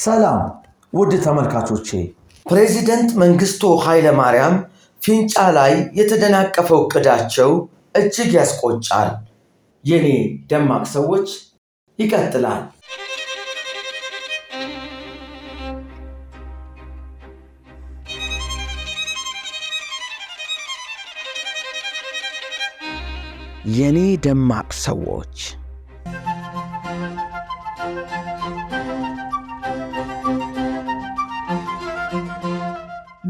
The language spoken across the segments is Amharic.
ሰላም ውድ ተመልካቾቼ፣ ፕሬዚደንት መንግስቱ ኃይለማርያም ፊንጫ ላይ የተደናቀፈው እቅዳቸው እጅግ ያስቆጫል። የኔ ደማቅ ሰዎች ይቀጥላል። የኔ ደማቅ ሰዎች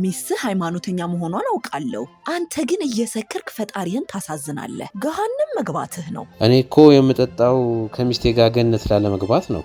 ሚስ ሃይማኖተኛ መሆኗን አውቃለሁ። አንተ ግን እየሰከርክ ፈጣሪህን ታሳዝናለህ። ገሃንም መግባትህ ነው። እኔ እኮ የምጠጣው ከሚስቴ ጋር ገነት ላለመግባት ነው።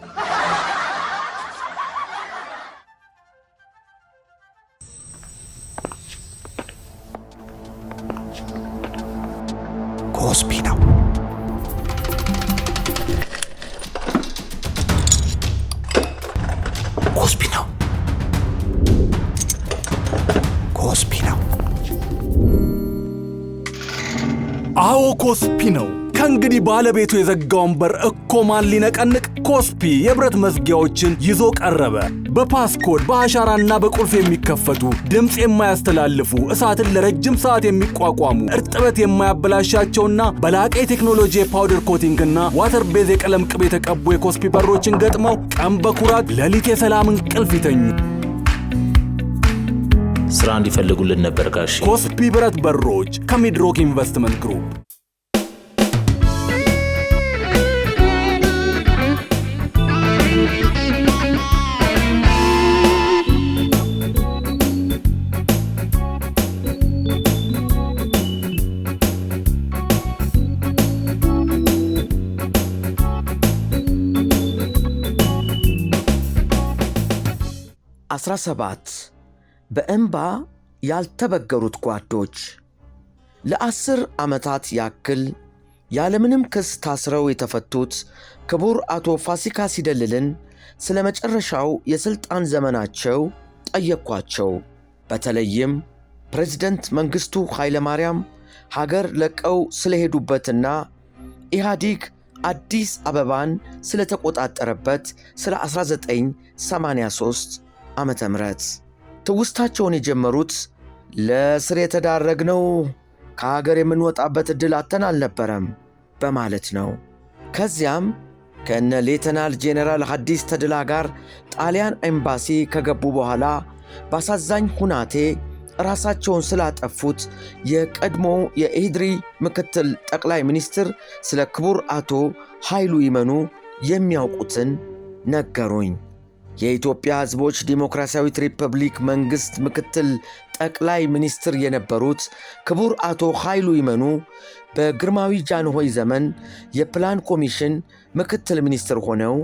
ባለቤቱ የዘጋውን በር እኮ ማን ሊነቀንቅ ኮስፒ የብረት መዝጊያዎችን ይዞ ቀረበ። በፓስኮድ በአሻራና በቁልፍ የሚከፈቱ ድምፅ የማያስተላልፉ እሳትን ለረጅም ሰዓት የሚቋቋሙ እርጥበት የማያበላሻቸውና በላቀ የቴክኖሎጂ የፓውደር ኮቲንግና ዋተር ቤዝ የቀለም ቅብ የተቀቡ የኮስፒ በሮችን ገጥመው ቀን በኩራት ሌሊት የሰላም እንቅልፍ ይተኙ። ስራ እንዲፈልጉልን ነበር ጋሽ ኮስፒ ብረት በሮች ከሚድሮክ ኢንቨስትመንት ግሩፕ 17 በእንባ ያልተበገሩት ጓዶች ለአስር ዓመታት ያክል ያለምንም ክስ ታስረው የተፈቱት ክቡር አቶ ፋሲካ ሲደልልን ስለ መጨረሻው የሥልጣን ዘመናቸው ጠየቅኳቸው። በተለይም ፕሬዝደንት መንግሥቱ ኃይለማርያም ሀገር ለቀው ስለሄዱበትና ኢህአዲግ አዲስ አበባን ስለተቆጣጠረበት ስለ 1983 ዓመተ ምሕረት ትውስታቸውን የጀመሩት ለእስር የተዳረግነው ከሀገር የምንወጣበት ዕድል አተን አልነበረም በማለት ነው። ከዚያም ከነ ሌተናል ጄኔራል ሐዲስ ተድላ ጋር ጣሊያን ኤምባሲ ከገቡ በኋላ በአሳዛኝ ሁናቴ ራሳቸውን ስላጠፉት የቀድሞ የኢድሪ ምክትል ጠቅላይ ሚኒስትር ስለ ክቡር አቶ ኃይሉ ይመኑ የሚያውቁትን ነገሩኝ። የኢትዮጵያ ሕዝቦች ዲሞክራሲያዊት ሪፐብሊክ መንግሥት ምክትል ጠቅላይ ሚኒስትር የነበሩት ክቡር አቶ ኃይሉ ይመኑ በግርማዊ ጃንሆይ ዘመን የፕላን ኮሚሽን ምክትል ሚኒስትር ሆነው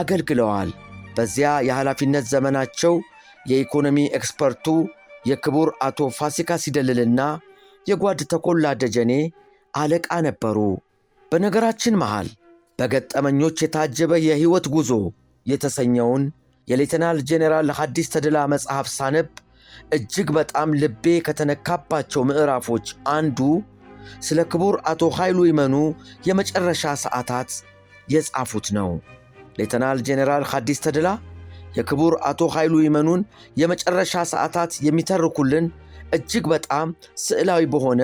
አገልግለዋል። በዚያ የኃላፊነት ዘመናቸው የኢኮኖሚ ኤክስፐርቱ የክቡር አቶ ፋሲካ ሲደልልና የጓድ ተኮላ ደጀኔ አለቃ ነበሩ። በነገራችን መሃል በገጠመኞች የታጀበ የሕይወት ጉዞ የተሰኘውን የሌተናል ጄኔራል ሀዲስ ተድላ መጽሐፍ ሳነብ እጅግ በጣም ልቤ ከተነካባቸው ምዕራፎች አንዱ ስለ ክቡር አቶ ኃይሉ ይመኑ የመጨረሻ ሰዓታት የጻፉት ነው። ሌተናል ጄኔራል ሐዲስ ተድላ የክቡር አቶ ኃይሉ ይመኑን የመጨረሻ ሰዓታት የሚተርኩልን እጅግ በጣም ስዕላዊ በሆነ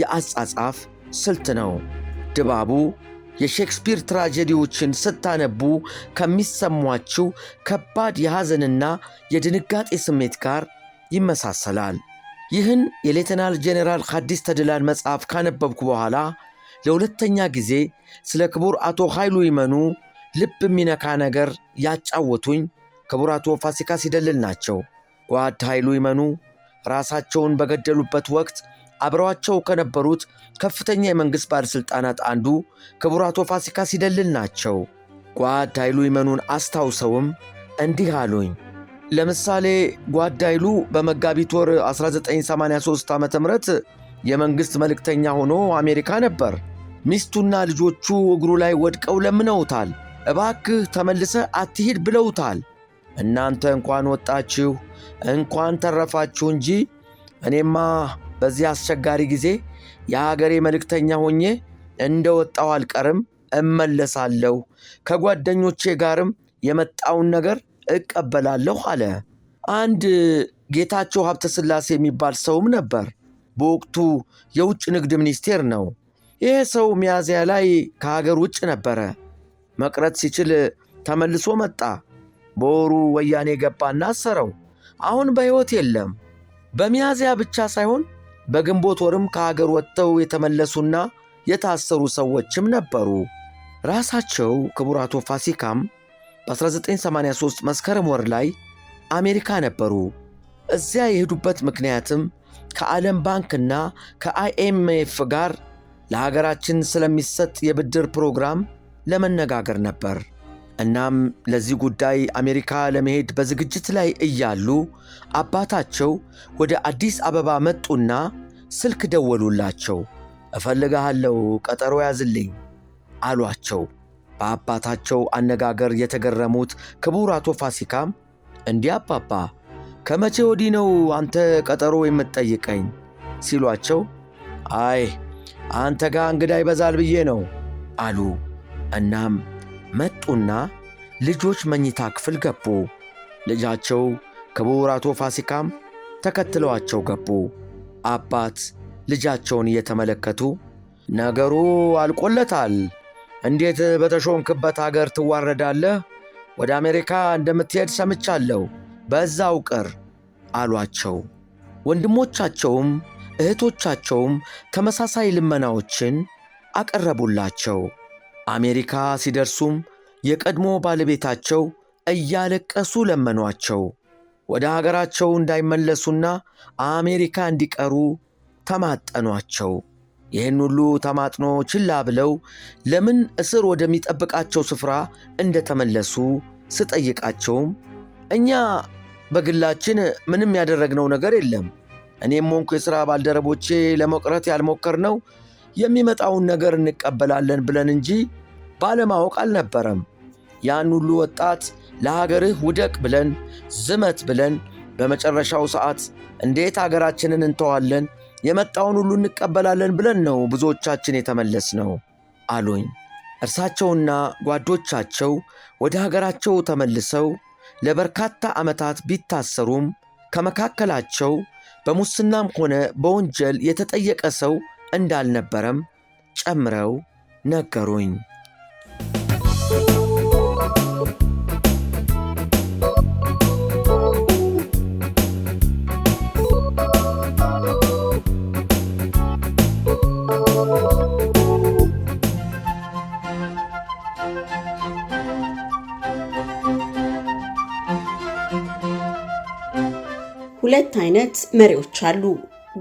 የአጻጻፍ ስልት ነው። ድባቡ የሼክስፒር ትራጀዲዎችን ስታነቡ ከሚሰሟችው ከባድ የሐዘንና የድንጋጤ ስሜት ጋር ይመሳሰላል። ይህን የሌተናል ጄኔራል ሐዲስ ተድላን መጽሐፍ ካነበብኩ በኋላ ለሁለተኛ ጊዜ ስለ ክቡር አቶ ኃይሉ ይመኑ ልብ የሚነካ ነገር ያጫወቱኝ ክቡር አቶ ፋሲካ ሲደልል ናቸው። ጓድ ኃይሉ ይመኑ ራሳቸውን በገደሉበት ወቅት አብረዋቸው ከነበሩት ከፍተኛ የመንግሥት ባለሥልጣናት አንዱ ክቡር አቶ ፋሲካ ሲደልል ናቸው። ጓድ ኃይሉ ይመኑን አስታውሰውም እንዲህ አሉኝ። ለምሳሌ ጓድ ኃይሉ በመጋቢት ወር 1983 ዓ ም የመንግሥት መልእክተኛ ሆኖ አሜሪካ ነበር። ሚስቱና ልጆቹ እግሩ ላይ ወድቀው ለምነውታል። እባክህ ተመልሰ አትሂድ ብለውታል። እናንተ እንኳን ወጣችሁ እንኳን ተረፋችሁ እንጂ እኔማ በዚህ አስቸጋሪ ጊዜ የሀገሬ መልእክተኛ ሆኜ እንደ ወጣው አልቀርም፣ እመለሳለሁ። ከጓደኞቼ ጋርም የመጣውን ነገር እቀበላለሁ አለ። አንድ ጌታቸው ሀብተ ስላሴ የሚባል ሰውም ነበር። በወቅቱ የውጭ ንግድ ሚኒስቴር ነው። ይሄ ሰው ሚያዝያ ላይ ከሀገር ውጭ ነበረ። መቅረት ሲችል ተመልሶ መጣ። በወሩ ወያኔ ገባና አሰረው። አሁን በሕይወት የለም። በሚያዝያ ብቻ ሳይሆን በግንቦት ወርም ከአገር ወጥተው የተመለሱና የታሰሩ ሰዎችም ነበሩ። ራሳቸው ክቡር አቶ ፋሲካም በ1983 መስከረም ወር ላይ አሜሪካ ነበሩ። እዚያ የሄዱበት ምክንያትም ከዓለም ባንክና ከአይኤምኤፍ ጋር ለሀገራችን ስለሚሰጥ የብድር ፕሮግራም ለመነጋገር ነበር። እናም ለዚህ ጉዳይ አሜሪካ ለመሄድ በዝግጅት ላይ እያሉ አባታቸው ወደ አዲስ አበባ መጡና ስልክ ደወሉላቸው። እፈልግሃለሁ፣ ቀጠሮ ያዝልኝ አሏቸው። በአባታቸው አነጋገር የተገረሙት ክቡር አቶ ፋሲካም እንዲህ አባባ፣ ከመቼ ወዲህ ነው አንተ ቀጠሮ የምትጠይቀኝ? ሲሏቸው አይ አንተ ጋር እንግዳ ይበዛል ብዬ ነው አሉ። እናም መጡና ልጆች መኝታ ክፍል ገቡ። ልጃቸው ክቡር አቶ ፋሲካም ተከትለዋቸው ገቡ። አባት ልጃቸውን እየተመለከቱ ነገሩ አልቆለታል፣ እንዴት በተሾምክበት አገር ትዋረዳለህ? ወደ አሜሪካ እንደምትሄድ ሰምቻለሁ፣ በዛው ቅር አሏቸው። ወንድሞቻቸውም እህቶቻቸውም ተመሳሳይ ልመናዎችን አቀረቡላቸው። አሜሪካ ሲደርሱም የቀድሞ ባለቤታቸው እያለቀሱ ለመኗቸው። ወደ አገራቸው እንዳይመለሱና አሜሪካ እንዲቀሩ ተማጠኗቸው። ይህን ሁሉ ተማጥኖ ችላ ብለው ለምን እስር ወደሚጠብቃቸው ስፍራ እንደተመለሱ ስጠይቃቸውም እኛ በግላችን ምንም ያደረግነው ነገር የለም፣ እኔም ሆንኩ የሥራ ባልደረቦቼ ለመቅረት ያልሞከርነው የሚመጣውን ነገር እንቀበላለን ብለን እንጂ ባለማወቅ አልነበረም። ያን ሁሉ ወጣት ለሀገርህ ውደቅ ብለን ዝመት ብለን በመጨረሻው ሰዓት እንዴት አገራችንን እንተዋለን? የመጣውን ሁሉ እንቀበላለን ብለን ነው ብዙዎቻችን የተመለስ ነው አሉኝ። እርሳቸውና ጓዶቻቸው ወደ ሀገራቸው ተመልሰው ለበርካታ ዓመታት ቢታሰሩም ከመካከላቸው በሙስናም ሆነ በወንጀል የተጠየቀ ሰው እንዳልነበረም ጨምረው ነገሩኝ። ሁለት አይነት መሪዎች አሉ።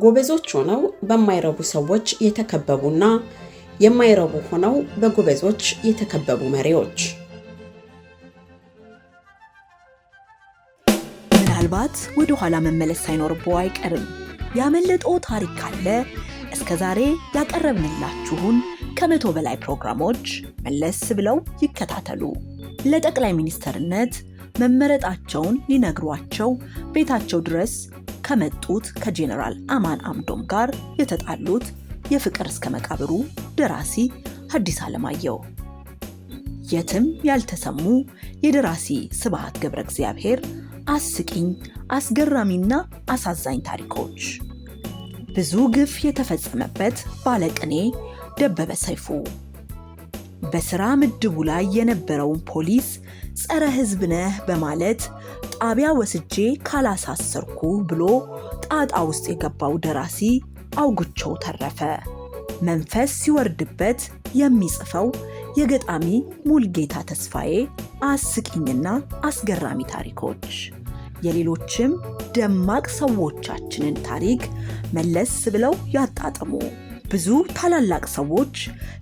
ጎበዞች ሆነው በማይረቡ ሰዎች የተከበቡና የማይረቡ ሆነው በጎበዞች የተከበቡ መሪዎች። ምናልባት ወደ ኋላ መመለስ ሳይኖርብዎ አይቀርም። ያመለጠው ታሪክ ካለ እስከ ዛሬ ያቀረብንላችሁን ከመቶ በላይ ፕሮግራሞች መለስ ብለው ይከታተሉ። ለጠቅላይ ሚኒስትርነት መመረጣቸውን ሊነግሯቸው ቤታቸው ድረስ ከመጡት ከጄኔራል አማን አምዶም ጋር የተጣሉት የፍቅር እስከ መቃብሩ ደራሲ ሐዲስ ዓለማየሁ የትም ያልተሰሙ የደራሲ ስብሐት ገብረ እግዚአብሔር አስቂኝ አስገራሚና አሳዛኝ ታሪኮች ብዙ ግፍ የተፈጸመበት ባለቅኔ ደበበ ሰይፉ በሥራ ምድቡ ላይ የነበረውን ፖሊስ ጸረ ህዝብ ነህ በማለት ጣቢያ ወስጄ ካላሳሰርኩ ብሎ ጣጣ ውስጥ የገባው ደራሲ አውግቸው ተረፈ መንፈስ ሲወርድበት የሚጽፈው የገጣሚ ሙልጌታ ተስፋዬ አስቂኝና አስገራሚ ታሪኮች የሌሎችም ደማቅ ሰዎቻችንን ታሪክ መለስ ብለው ያጣጥሙ። ብዙ ታላላቅ ሰዎች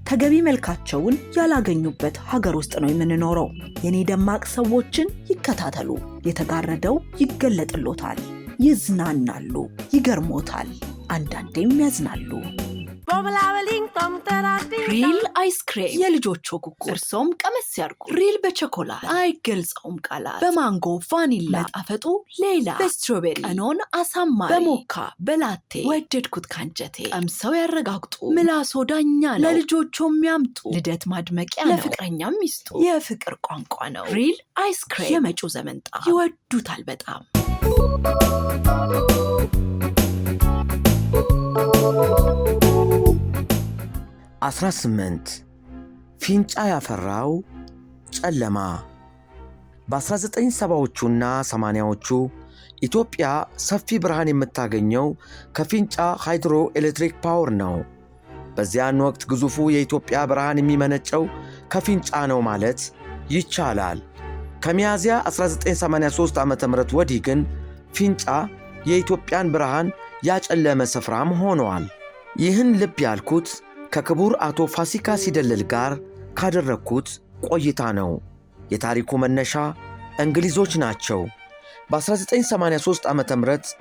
ተገቢ መልካቸውን ያላገኙበት ሀገር ውስጥ ነው የምንኖረው። የእኔ ደማቅ ሰዎችን ይከታተሉ። የተጋረደው ይገለጥሎታል፣ ይዝናናሉ፣ ይገርሞታል፣ አንዳንዴም ያዝናሉ። ሪል አይስክሬም የልጆቹ ኩኩ እርሶም ቀመስ ያርጉ። ሪል በቸኮላት አይገልጸውም ቃላት፣ በማንጎ ቫኒላ ጣፈጡ ሌላ፣ በስትሮቤሪ ቀኖን አሳማሪ፣ በሞካ በላቴ ወደድኩት ካንጀቴ። ቀምሰው ያረጋግጡ ምላሶ ዳኛ ነው፣ ለልጆቹ የሚያምጡ ልደት ማድመቂያ ነው፣ ለፍቅረኛ ሚስጡ የፍቅር ቋንቋ ነው። ሪል አይስክሬም የመጪው ዘመንጣ ይወዱታል በጣም። 18 ፊንጫ ያፈራው ጨለማ በ1970ዎቹና 80ዎቹ ኢትዮጵያ ሰፊ ብርሃን የምታገኘው ከፊንጫ ሃይድሮ ኤሌክትሪክ ፓወር ነው። በዚያን ወቅት ግዙፉ የኢትዮጵያ ብርሃን የሚመነጨው ከፊንጫ ነው ማለት ይቻላል። ከሚያዝያ 1983 ዓ ም ወዲህ ግን ፊንጫ የኢትዮጵያን ብርሃን ያጨለመ ስፍራም ሆኗል። ይህን ልብ ያልኩት ከክቡር አቶ ፋሲካ ሲደልል ጋር ካደረግኩት ቆይታ ነው። የታሪኩ መነሻ እንግሊዞች ናቸው። በ1983 ዓ ም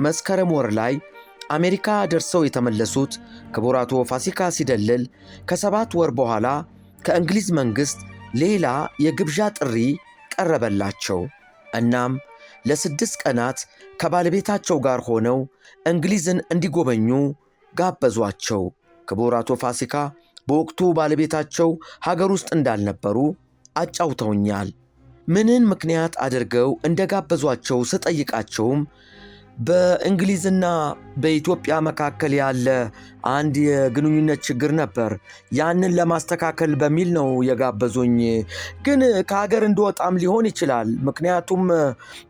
መስከረም ወር ላይ አሜሪካ ደርሰው የተመለሱት ክቡር አቶ ፋሲካ ሲደልል ከሰባት ወር በኋላ ከእንግሊዝ መንግሥት ሌላ የግብዣ ጥሪ ቀረበላቸው። እናም ለስድስት ቀናት ከባለቤታቸው ጋር ሆነው እንግሊዝን እንዲጎበኙ ጋበዟቸው። ክቡር አቶ ፋሲካ በወቅቱ ባለቤታቸው ሀገር ውስጥ እንዳልነበሩ አጫውተውኛል። ምንን ምክንያት አድርገው እንደጋበዟቸው ስጠይቃቸውም በእንግሊዝና በኢትዮጵያ መካከል ያለ አንድ የግንኙነት ችግር ነበር። ያንን ለማስተካከል በሚል ነው የጋበዙኝ። ግን ከሀገር እንደወጣም ሊሆን ይችላል፣ ምክንያቱም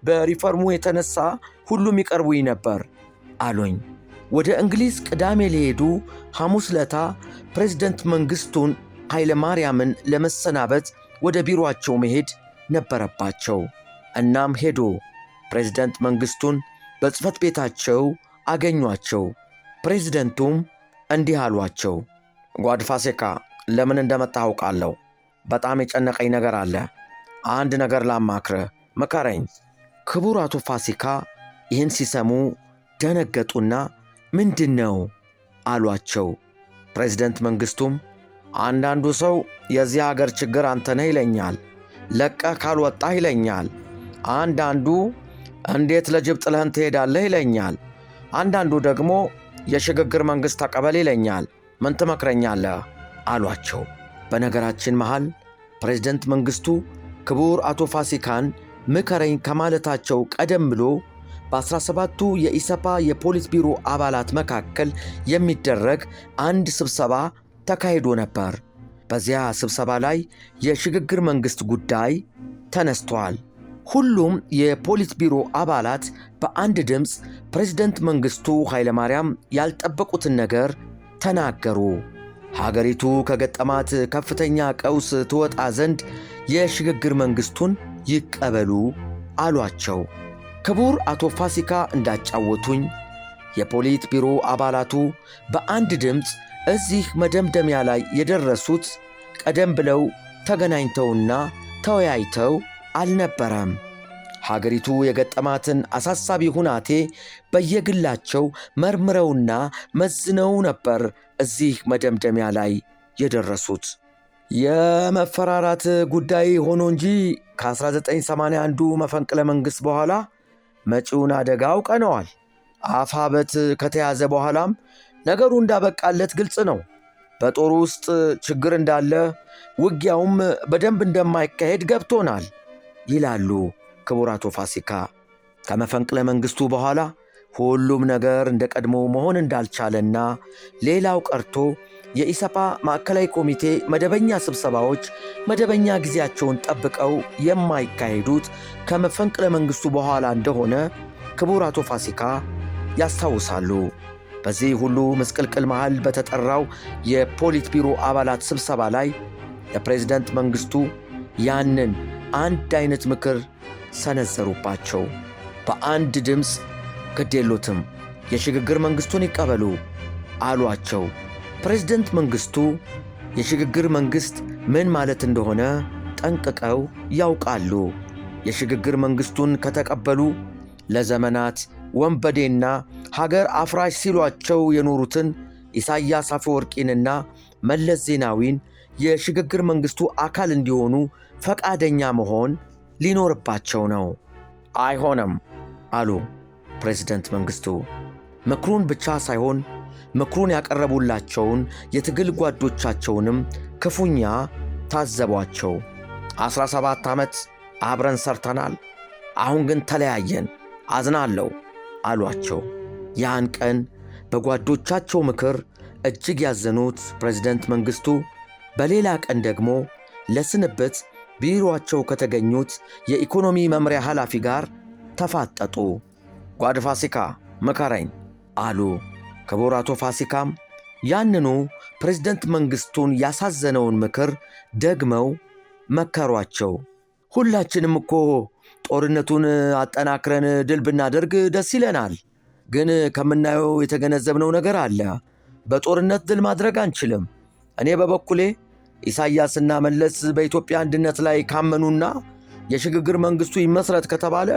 በሪፈርሙ የተነሳ ሁሉም ይቀርቡኝ ነበር አሉኝ። ወደ እንግሊዝ ቅዳሜ ሊሄዱ ሐሙስ ለታ ፕሬዝደንት መንግሥቱን ኃይለ ማርያምን ለመሰናበት ወደ ቢሮአቸው መሄድ ነበረባቸው። እናም ሄዱ። ፕሬዝደንት መንግሥቱን በጽሕፈት ቤታቸው አገኟቸው። ፕሬዝደንቱም እንዲህ አሏቸው፣ ጓድ ፋሴካ ለምን እንደመጣ አውቃለሁ። በጣም የጨነቀኝ ነገር አለ። አንድ ነገር ላማክረ መከረኝ ክቡር አቶ ፋሲካ ይህን ሲሰሙ ደነገጡና ምንድን ነው አሏቸው። ፕሬዝደንት መንግሥቱም አንዳንዱ ሰው የዚህ አገር ችግር አንተነህ ይለኛል፣ ለቀህ ካልወጣህ ይለኛል። አንዳንዱ እንዴት ለጅብ ጥለህን ትሄዳለህ ይለኛል። አንዳንዱ ደግሞ የሽግግር መንግሥት ተቀበል ይለኛል። ምን ትመክረኛለህ አሏቸው። በነገራችን መሃል ፕሬዝደንት መንግሥቱ ክቡር አቶ ፋሲካን ምከረኝ ከማለታቸው ቀደም ብሎ በ17ቱ የኢሰፓ የፖሊት ቢሮ አባላት መካከል የሚደረግ አንድ ስብሰባ ተካሂዶ ነበር። በዚያ ስብሰባ ላይ የሽግግር መንግሥት ጉዳይ ተነስቷል። ሁሉም የፖሊት ቢሮ አባላት በአንድ ድምፅ ፕሬዝደንት መንግሥቱ ኃይለማርያም ያልጠበቁትን ነገር ተናገሩ። ሀገሪቱ ከገጠማት ከፍተኛ ቀውስ ትወጣ ዘንድ የሽግግር መንግሥቱን ይቀበሉ አሏቸው። ክቡር አቶ ፋሲካ እንዳጫወቱኝ የፖሊት ቢሮ አባላቱ በአንድ ድምፅ እዚህ መደምደሚያ ላይ የደረሱት ቀደም ብለው ተገናኝተውና ተወያይተው አልነበረም። ሀገሪቱ የገጠማትን አሳሳቢ ሁናቴ በየግላቸው መርምረውና መዝነው ነበር እዚህ መደምደሚያ ላይ የደረሱት። የመፈራራት ጉዳይ ሆኖ እንጂ ከ1981 መፈንቅለ መንግሥት በኋላ መጪውን አደጋ አውቀነዋል። አፋበት ከተያዘ በኋላም ነገሩ እንዳበቃለት ግልጽ ነው። በጦሩ ውስጥ ችግር እንዳለ፣ ውጊያውም በደንብ እንደማይካሄድ ገብቶናል ይላሉ ክቡር አቶ ፋሲካ። ከመፈንቅለ መንግሥቱ በኋላ ሁሉም ነገር እንደ ቀድሞ መሆን እንዳልቻለና ሌላው ቀርቶ የኢሰፓ ማዕከላዊ ኮሚቴ መደበኛ ስብሰባዎች መደበኛ ጊዜያቸውን ጠብቀው የማይካሄዱት ከመፈንቅለ መንግሥቱ በኋላ እንደሆነ ክቡር አቶ ፋሲካ ያስታውሳሉ። በዚህ ሁሉ ምስቅልቅል መሃል በተጠራው የፖሊት ቢሮ አባላት ስብሰባ ላይ ለፕሬዝደንት መንግሥቱ ያንን አንድ አይነት ምክር ሰነዘሩባቸው። በአንድ ድምፅ ግድ የሉትም የሽግግር መንግሥቱን ይቀበሉ አሏቸው። ፕሬዝደንት መንግሥቱ የሽግግር መንግሥት ምን ማለት እንደሆነ ጠንቅቀው ያውቃሉ። የሽግግር መንግሥቱን ከተቀበሉ ለዘመናት ወንበዴና ሀገር አፍራሽ ሲሏቸው የኖሩትን ኢሳያስ አፈወርቂንና መለስ ዜናዊን የሽግግር መንግሥቱ አካል እንዲሆኑ ፈቃደኛ መሆን ሊኖርባቸው ነው። አይሆነም አሉ ፕሬዝደንት መንግሥቱ። ምክሩን ብቻ ሳይሆን ምክሩን ያቀረቡላቸውን የትግል ጓዶቻቸውንም ክፉኛ ታዘቧቸው። ዐሥራ ሰባት ዓመት አብረን ሰርተናል፣ አሁን ግን ተለያየን፣ አዝናለሁ አሏቸው። ያን ቀን በጓዶቻቸው ምክር እጅግ ያዘኑት ፕሬዝደንት መንግሥቱ በሌላ ቀን ደግሞ ለስንብት ቢሮአቸው ከተገኙት የኢኮኖሚ መምሪያ ኃላፊ ጋር ተፋጠጡ። ጓድ ፋሲካ ምከረኝ አሉ። ክቡር አቶ ፋሲካም ያንኑ ፕሬዝደንት መንግሥቱን ያሳዘነውን ምክር ደግመው መከሯቸው። ሁላችንም እኮ ጦርነቱን አጠናክረን ድል ብናደርግ ደስ ይለናል። ግን ከምናየው የተገነዘብነው ነገር አለ። በጦርነት ድል ማድረግ አንችልም። እኔ በበኩሌ ኢሳያስና መለስ በኢትዮጵያ አንድነት ላይ ካመኑና የሽግግር መንግሥቱ ይመስረት ከተባለ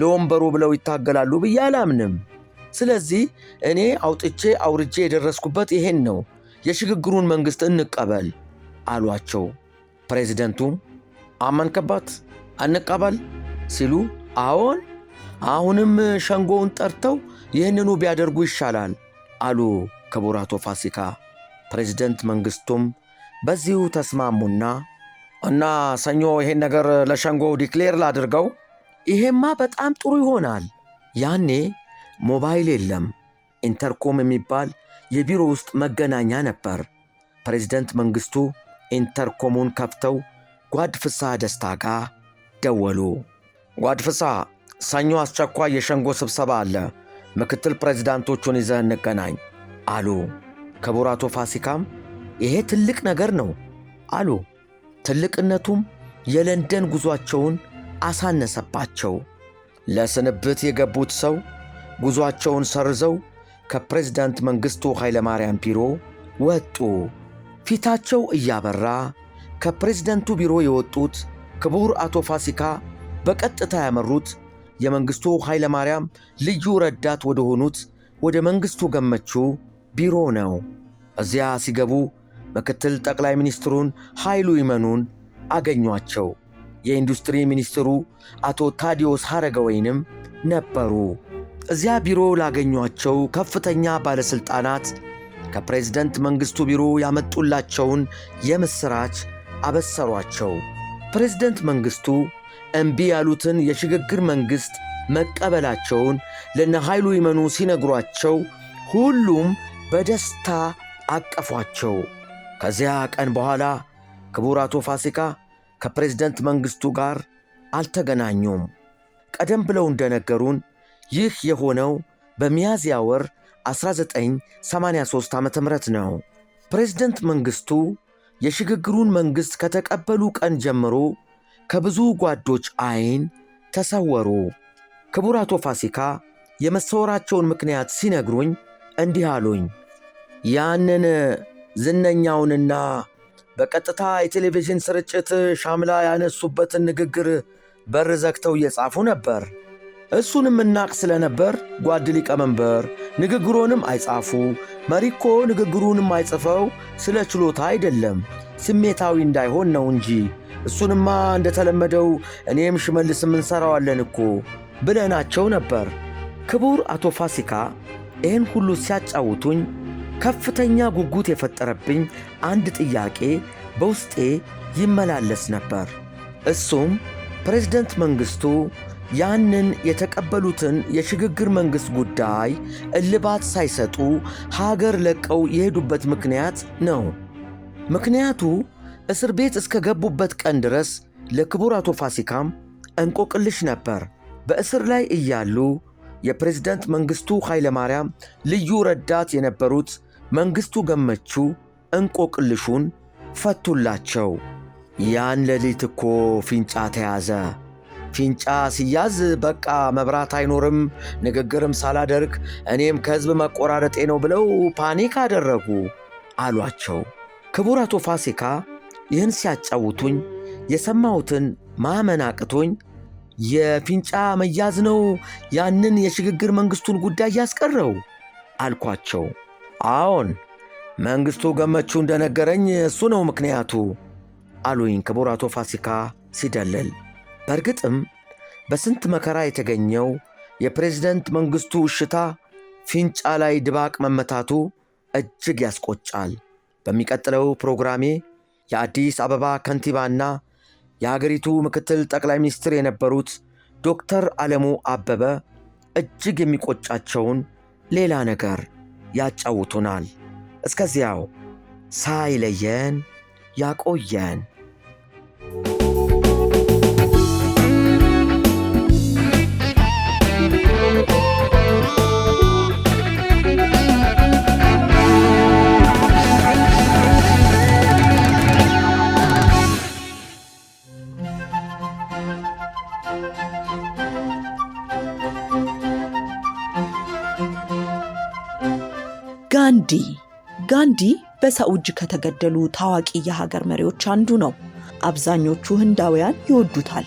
ለወንበሩ ብለው ይታገላሉ ብዬ አላምንም። ስለዚህ እኔ አውጥቼ አውርጄ የደረስኩበት ይሄን ነው፣ የሽግግሩን መንግሥት እንቀበል አሏቸው። ፕሬዚደንቱም አመንከባት አንቀበል ሲሉ አዎን፣ አሁንም ሸንጎውን ጠርተው ይህንኑ ቢያደርጉ ይሻላል አሉ ክቡር አቶ ፋሲካ። ፕሬዚደንት መንግሥቱም በዚሁ ተስማሙና እና ሰኞ ይሄን ነገር ለሸንጎ ዲክሌር ላድርገው። ይሄማ በጣም ጥሩ ይሆናል። ያኔ ሞባይል የለም። ኢንተርኮም የሚባል የቢሮ ውስጥ መገናኛ ነበር። ፕሬዝደንት መንግሥቱ ኢንተርኮሙን ከፍተው ጓድ ፍሳ ደስታ ጋር ደወሉ። ጓድ ፍሳ ሰኞ አስቸኳይ የሸንጎ ስብሰባ አለ። ምክትል ፕሬዚዳንቶቹን ይዘህ እንገናኝ አሉ። ክቡር አቶ ፋሲካም ይሄ ትልቅ ነገር ነው አሉ። ትልቅነቱም የለንደን ጉዟቸውን አሳነሰባቸው። ለስንብት የገቡት ሰው ጉዞአቸውን ሰርዘው ከፕሬዝዳንት መንግሥቱ ኃይለማርያም ቢሮ ወጡ። ፊታቸው እያበራ ከፕሬዝደንቱ ቢሮ የወጡት ክቡር አቶ ፋሲካ በቀጥታ ያመሩት የመንግሥቱ ኃይለማርያም ልዩ ረዳት ወደ ሆኑት ወደ መንግሥቱ ገመቹ ቢሮ ነው። እዚያ ሲገቡ ምክትል ጠቅላይ ሚኒስትሩን ኃይሉ ይመኑን አገኟቸው። የኢንዱስትሪ ሚኒስትሩ አቶ ታዲዮስ ሐረገወይንም ነበሩ። እዚያ ቢሮ ላገኟቸው ከፍተኛ ባለሥልጣናት ከፕሬዝደንት መንግሥቱ ቢሮ ያመጡላቸውን የምሥራች አበሰሯቸው። ፕሬዝደንት መንግሥቱ እምቢ ያሉትን የሽግግር መንግሥት መቀበላቸውን ለነ ኃይሉ ይመኑ ሲነግሯቸው ሁሉም በደስታ አቀፏቸው። ከዚያ ቀን በኋላ ክቡር አቶ ፋሲካ ከፕሬዝደንት መንግሥቱ ጋር አልተገናኙም። ቀደም ብለው እንደነገሩን ይህ የሆነው በሚያዝያ ወር 1983 ዓ ም ነው። ፕሬዝደንት መንግሥቱ የሽግግሩን መንግሥት ከተቀበሉ ቀን ጀምሮ ከብዙ ጓዶች ዐይን ተሰወሩ። ክቡር አቶ ፋሲካ የመሰወራቸውን ምክንያት ሲነግሩኝ እንዲህ አሉኝ። ያንን ዝነኛውንና በቀጥታ የቴሌቪዥን ስርጭት ሻምላ ያነሱበትን ንግግር በር ዘግተው እየጻፉ ነበር። እሱንም እናቅ ስለነበር ጓድ ሊቀመንበር ንግግሩንም አይጻፉ። መሪ እኮ ንግግሩንም አይጽፈው ስለ ችሎታ አይደለም ስሜታዊ እንዳይሆን ነው እንጂ። እሱንማ እንደተለመደው እኔም ሽመልስም እንሠራዋለን እኮ ብለናቸው ነበር። ክቡር አቶ ፋሲካ ይህን ሁሉ ሲያጫውቱኝ ከፍተኛ ጉጉት የፈጠረብኝ አንድ ጥያቄ በውስጤ ይመላለስ ነበር። እሱም ፕሬዝደንት መንግሥቱ ያንን የተቀበሉትን የሽግግር መንግሥት ጉዳይ እልባት ሳይሰጡ ሀገር ለቀው የሄዱበት ምክንያት ነው። ምክንያቱ እስር ቤት እስከ ገቡበት ቀን ድረስ ለክቡር አቶ ፋሲካም እንቆቅልሽ ነበር። በእስር ላይ እያሉ የፕሬዝደንት መንግሥቱ ኃይለማርያም ልዩ ረዳት የነበሩት መንግሥቱ ገመቹ እንቆቅልሹን ፈቱላቸው። ያን ሌሊት እኮ ፊንጫ ተያዘ ፊንጫ ሲያዝ በቃ መብራት አይኖርም፣ ንግግርም ሳላደርግ እኔም ከሕዝብ መቆራረጤ ነው ብለው ፓኒክ አደረጉ አሏቸው። ክቡር አቶ ፋሲካ ይህን ሲያጫውቱኝ የሰማሁትን ማመን አቅቶኝ የፊንጫ መያዝ ነው ያንን የሽግግር መንግሥቱን ጉዳይ ያስቀረው አልኳቸው። አዎን መንግሥቱ ገመቹ እንደነገረኝ እሱ ነው ምክንያቱ አሉኝ ክቡር አቶ ፋሲካ ሲደለል በእርግጥም በስንት መከራ የተገኘው የፕሬዝደንት መንግሥቱ እሽታ ፊንጫ ላይ ድባቅ መመታቱ እጅግ ያስቆጫል። በሚቀጥለው ፕሮግራሜ የአዲስ አበባ ከንቲባና የአገሪቱ ምክትል ጠቅላይ ሚኒስትር የነበሩት ዶክተር ዓለሙ አበበ እጅግ የሚቆጫቸውን ሌላ ነገር ያጫውቱናል። እስከዚያው ሳይለየን ያቆየን። ጋንዲ በሰው እጅ ከተገደሉ ታዋቂ የሀገር መሪዎች አንዱ ነው። አብዛኞቹ ህንዳውያን ይወዱታል።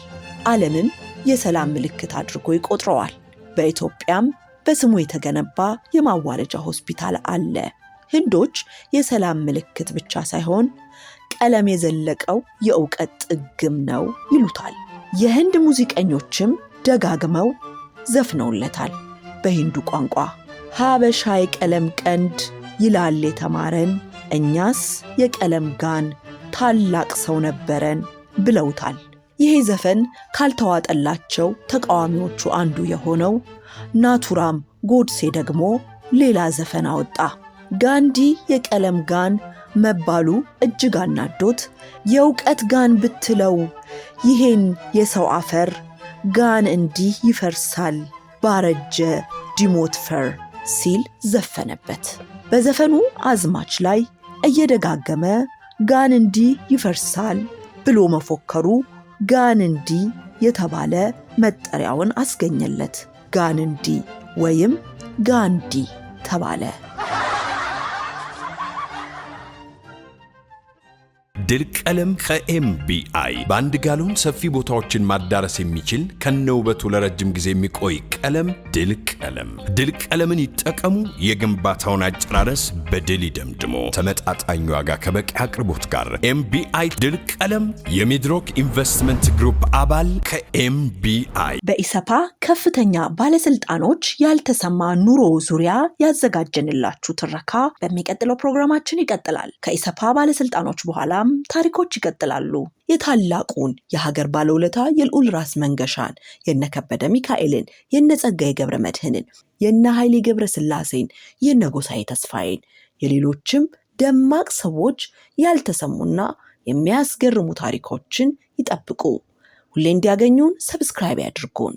ዓለምም የሰላም ምልክት አድርጎ ይቆጥረዋል። በኢትዮጵያም በስሙ የተገነባ የማዋለጃ ሆስፒታል አለ። ህንዶች የሰላም ምልክት ብቻ ሳይሆን ቀለም የዘለቀው የእውቀት ጥግም ነው ይሉታል። የህንድ ሙዚቀኞችም ደጋግመው ዘፍነውለታል። በሂንዱ ቋንቋ ሀበሻ የቀለም ቀንድ ይላል የተማረን፣ እኛስ የቀለም ጋን ታላቅ ሰው ነበረን ብለውታል። ይሄ ዘፈን ካልተዋጠላቸው ተቃዋሚዎቹ አንዱ የሆነው ናቱራም ጎድሴ ደግሞ ሌላ ዘፈን አወጣ። ጋንዲ የቀለም ጋን መባሉ እጅግ አናዶት የእውቀት ጋን ብትለው ይሄን የሰው አፈር ጋን እንዲህ ይፈርሳል ባረጀ ዲሞት ፈር ሲል ዘፈነበት። በዘፈኑ አዝማች ላይ እየደጋገመ ጋን እንዲ ይፈርሳል ብሎ መፎከሩ ጋን እንዲ የተባለ መጠሪያውን አስገኘለት። ጋን እንዲ ወይም ጋንዲ ተባለ። ድል ቀለም ከኤምቢአይ በአንድ ጋሎን ሰፊ ቦታዎችን ማዳረስ የሚችል ከነውበቱ ለረጅም ጊዜ የሚቆይ ቀለም ድል ቀለም። ድል ቀለምን ይጠቀሙ። የግንባታውን አጨራረስ በድል ይደምድሞ። ተመጣጣኝ ዋጋ ከበቂ አቅርቦት ጋር ኤምቢአይ ድል ቀለም የሚድሮክ ኢንቨስትመንት ግሩፕ አባል ከኤምቢአይ በኢሰፓ ከፍተኛ ባለስልጣኖች ያልተሰማ ኑሮ ዙሪያ ያዘጋጀንላችሁ ትረካ በሚቀጥለው ፕሮግራማችን ይቀጥላል። ከኢሰፓ ባለስልጣኖች በኋላም ታሪኮች ይቀጥላሉ። የታላቁን የሀገር ባለውለታ የልዑል ራስ መንገሻን፣ የነከበደ ሚካኤልን፣ የነጸጋዬ ገብረ መድህንን የነ ኃይሌ ገብረ ስላሴን፣ የነ ተስፋዬን፣ የሌሎችም ደማቅ ሰዎች ያልተሰሙና የሚያስገርሙ ታሪኮችን ይጠብቁ። ሁሌ እንዲያገኙን ሰብስክራይብ ያድርጉን።